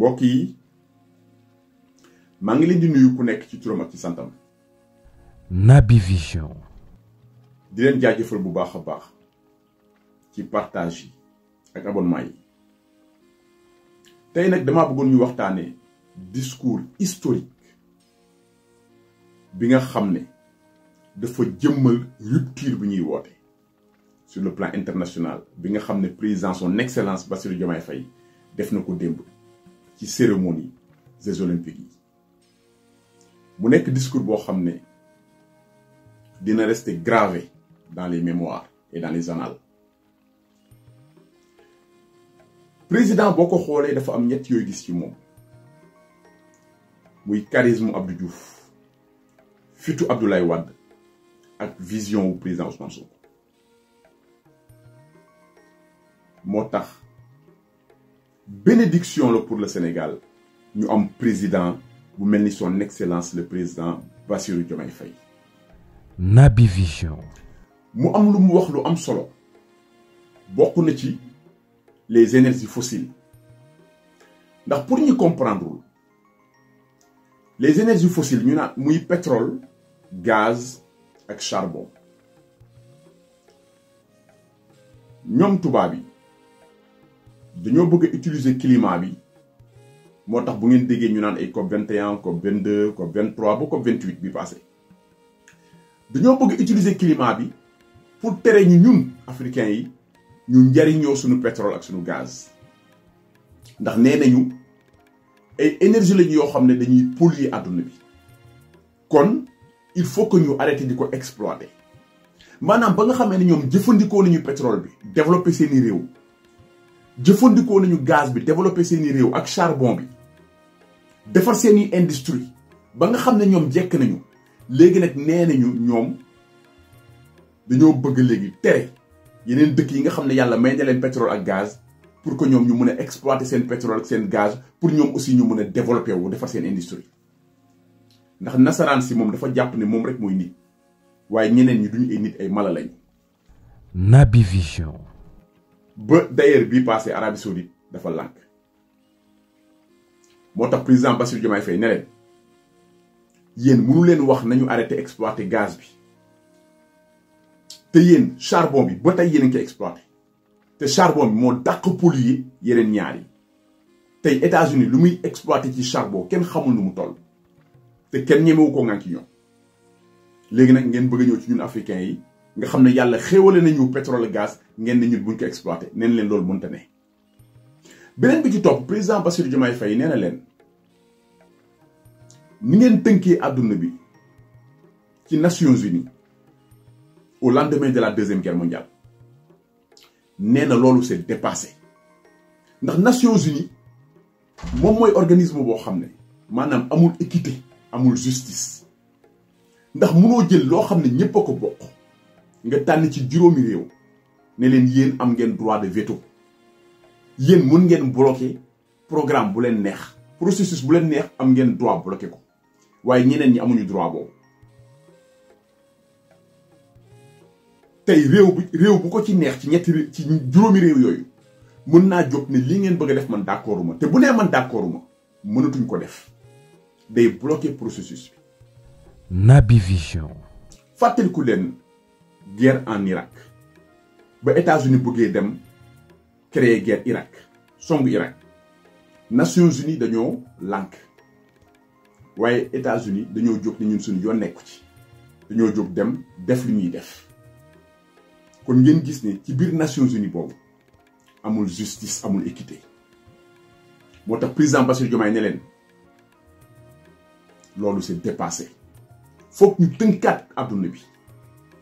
mbokk yi maa ngi leen di nuyu ku ci ci santam. vous Vision. di leen jaajëfal bu baax a ci partage ak abonnement yi discours historique bi nga xam dafa jëmmal rupture bi sur le plan international bi nga xam président son excellence Bassirou Faye def cérémonie des olympiques Ce mu discours bo xamné dina rester gravé dans les mémoires et dans les annales le président boko xolé de dafa am ñet yoy gis ci mom muy charisme Abdou Diouf fitu Abdoulaye Wade ak vision du président Ousmane Sonko motax bénédiction pour le Sénégal ñu am président Vous menez son excellence le président Bassirou Diomaye Faye Nabi Vision mu am lu mu wax lu am solo les énergies fossiles ndax pour nous comprendre les énergies fossiles nous avons pétrole pétrole gaz ak charbon tous les dañoo bëgg utiliser climat bi moo tax bu ngeen déggee ñu naan ay COP 21 COP 22 COP 23 ba COP 28 bi passé dañoo bëgg utiliser climat bi pour tere ñu ñun africains yi ñu njariñoo suñu pétrole ak suñu gaz ndax nee nañu ay énergie lañu yoo xam ne dañuy polluer àdduna bi kon il faut que ñu arrêté di ko exploiter maanaam ba nga xamee ne ñoom jëfandikoo nañu pétrole bi développer seeni réew jëfandikoo nañu gaz bi développé seeni réew ak charbon bi defar seeni industrie ba nga xam ne ñoom jekk nañu léegi nag nee nañu ñoom dañoo bëgg léegi tere yeneen dëkk yi nga xam ne yàlla may na leen pétrole ak gaz pour que ñoom ñu mën a exploiter seen pétrole ak seen gaz pour ñoom aussi ñu mën a développer wu defar seen industrie ndax nasaraan si moom dafa jàpp ne moom rek mooy nit waaye ñeneen ñi duñu ay nit ay mala lañu. Naby Vision. ba d'ailleurs bii passé Arabie Saoudite dafa lànk moo tax président Bassirou Diomaye fay ne leen yéen mënu leen wax nañu arrêté exploiter gaz bi te yéen charbon bi ba tey yéen a ngi te charbon bi moo dàq polluer yeneen ñaar yi tey États-Unis lu muy exploité ci charbon kenn xamul nu mu toll te kenn ñemewu ko ngaan ci ñoom léegi nag ngeen bëgg a ñëw ci ñun africains yi nga xam yalla yàlla nañu pétrole gaz ngeen ne ñun buñ ko exploité neen leen loolu mënta ne. beneen bi ci top président Bassirou Diomaye fay nee na leen ni ngeen tënkee aduna bi ci Nations Unies au lendemain de la deuxième guerre mondiale nee na loolu c'est dépassé ndax Nations Unies moom mooy organisme boo xam ne maanaam amul équité amul justice ndax munoo jël loo xam ne ñëpp a ko bokk. nga tànn ci juróomi réew ne leen yéen am ngeen droit de veto yéen mun ngeen bloquer programme bu leen neex processus bu leen neex am ngeen droit bloquer ko waaye ñeneen ñi amuñu droit boobu tey réew bu réew bu ko ci neex ci ñetti ci juróomi réew yooyu mën naa jóg ni li ngeen bëgg a def man d'accordu ma te bu nee man d'accordu ma mënatuñ ko def day bloquer processus bi Naby Vision fàttaliku leen guerre en Irak Les États-Unis ont dem créer guerre Irak Les Irak Nations Unies dañoo lank. les États-Unis dañoo jóg ne ñun suñu en ko ci dañoo dem def li ñuy def kon ngeen gis ne ci bir Nations Unies boobu amul justice amul équité Motax président Bassir Diomaye ne len lolu c'est dépassé que ñu tënkaat aduna bi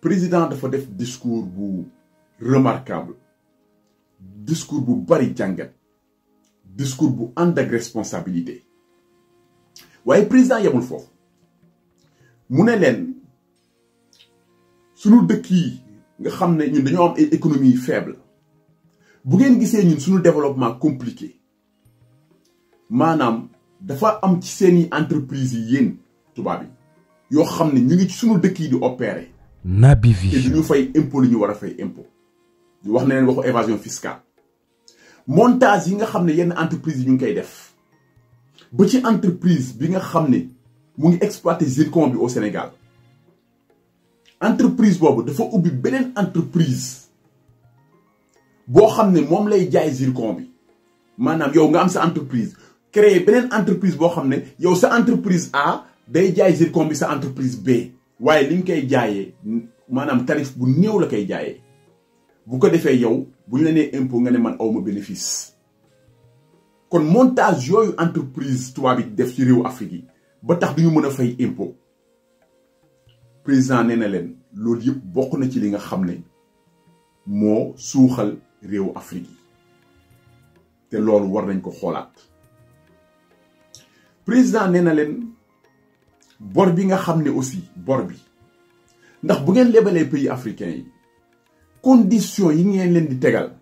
président fait un discours remarquable remarquable discours bu bari Un discours bu ànd ak responsabilité le président il foofu mu ne sunu dëkk yi nga xam ne ñun am économie faible bu ngeen gisee ñun sunu développement compliqué maanaam dafa am ci seeni entreprise yi ñu ngi ci sunu yi di opérer Naby Vision te du ñu fay impôt li ñu war a fay impôt ñu wax na leen waxu évasion fiscale montage yi nga xam ne yenn entreprise yi ñu ngi koy def ba ci entreprise bi nga xam ne mu ngi exploité zircon bi au Sénégal entreprise boobu dafa ubbi beneen entreprise boo xam ne moom lay jaay zircon bi maanaam yow nga am sa entreprise créer beneen entreprise boo xam ne yow sa entreprise A day jaay zircon bi sa entreprise B. waaye liñ koy jaayee maanaam tarif bu néew la koy jaayee bu ko defee yow bu ñu la nee impôt nga ne man awma bénéfice kon montage yooyu entreprise tubaab yi def ci réew Afrique yi ba tax duñu mën a fay impôt président nee na leen loolu yëpp bokk na ci li nga xam ne moo suuxal réew Afrique yi te loolu war nañ ko xoolaat président nee na leen bor bi nga aussi bor bi ndax bu ngeen pays africains conditions yi ngeen di ak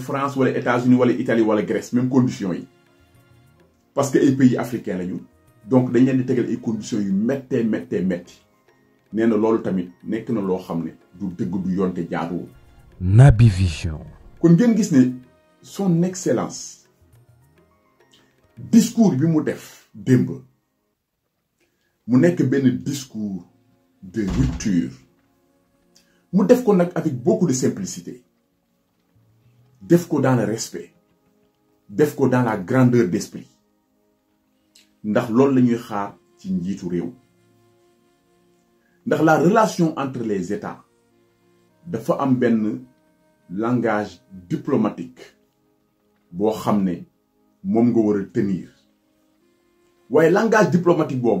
France wala États-Unis wala Italie wala Grèce même conditions. yi parce que les pays africains donc dañ di conditions yu metté metté metti néna tamit nekk na loo xam du dëgg du son excellence discours bi mu mu nekk benn discours de rupture mu def avec beaucoup de simplicité def ko dans le respect def dans la grandeur d'esprit ndax la ñuy la relation entre les États dafa am langage diplomatique boo nga langage diplomatique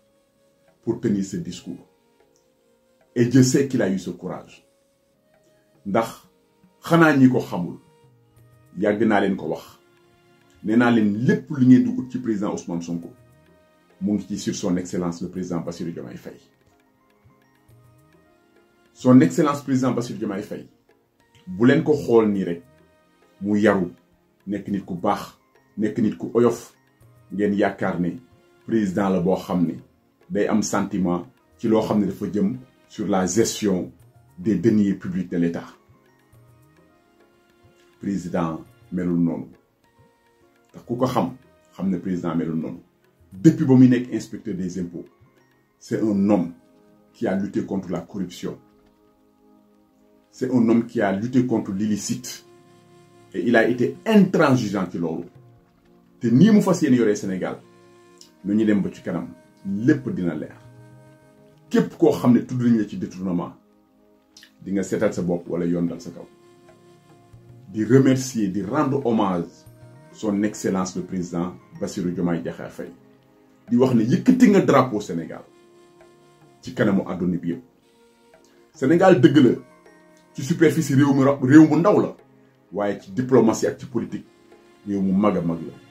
pour tenir ce discours et je sais qu'il a eu ce courage ndax xana ñi ko xamul yag naa leen ko wax nee naa leen lépp lu ngeen di ut ci président Ousmane Sonko mu sur son excellence le président Bassirou Diomaye Faye son excellence président Bassirou Diomaye Faye bu leen ko xool ni rek mu yaru nekk nit ku baax nekk nit ku oyof ngeen yaakaar président la boo xam day am sentiment ci lo le dafa jëm sur la gestion des deniers publics de l'État président melul ku xam président melul depuis ba nek inspecteur des impôts c'est un homme qui a lutté contre la corruption c'est un homme qui a lutté contre l'illicite et il a été intransigeant ci lolu té ni mu fas yéene au Sénégal Il ñu dem ba ci kanam lépp dina leer képp koo xam ne tudd nañ la ci détournement di nga seetal sa bopp wala yondal sa kaw di remercier di rendre hommage son excellence le président Bassirou Diomaye Diakhar Faye di wax ne yëkkati nga drapeau Sénégal ci kanamu àdduna bi yëpp Sénégal dëgg la ci superficie réew mu réew mu ndaw la waaye ci diplomatie ak ci politique réew mu mag a mag la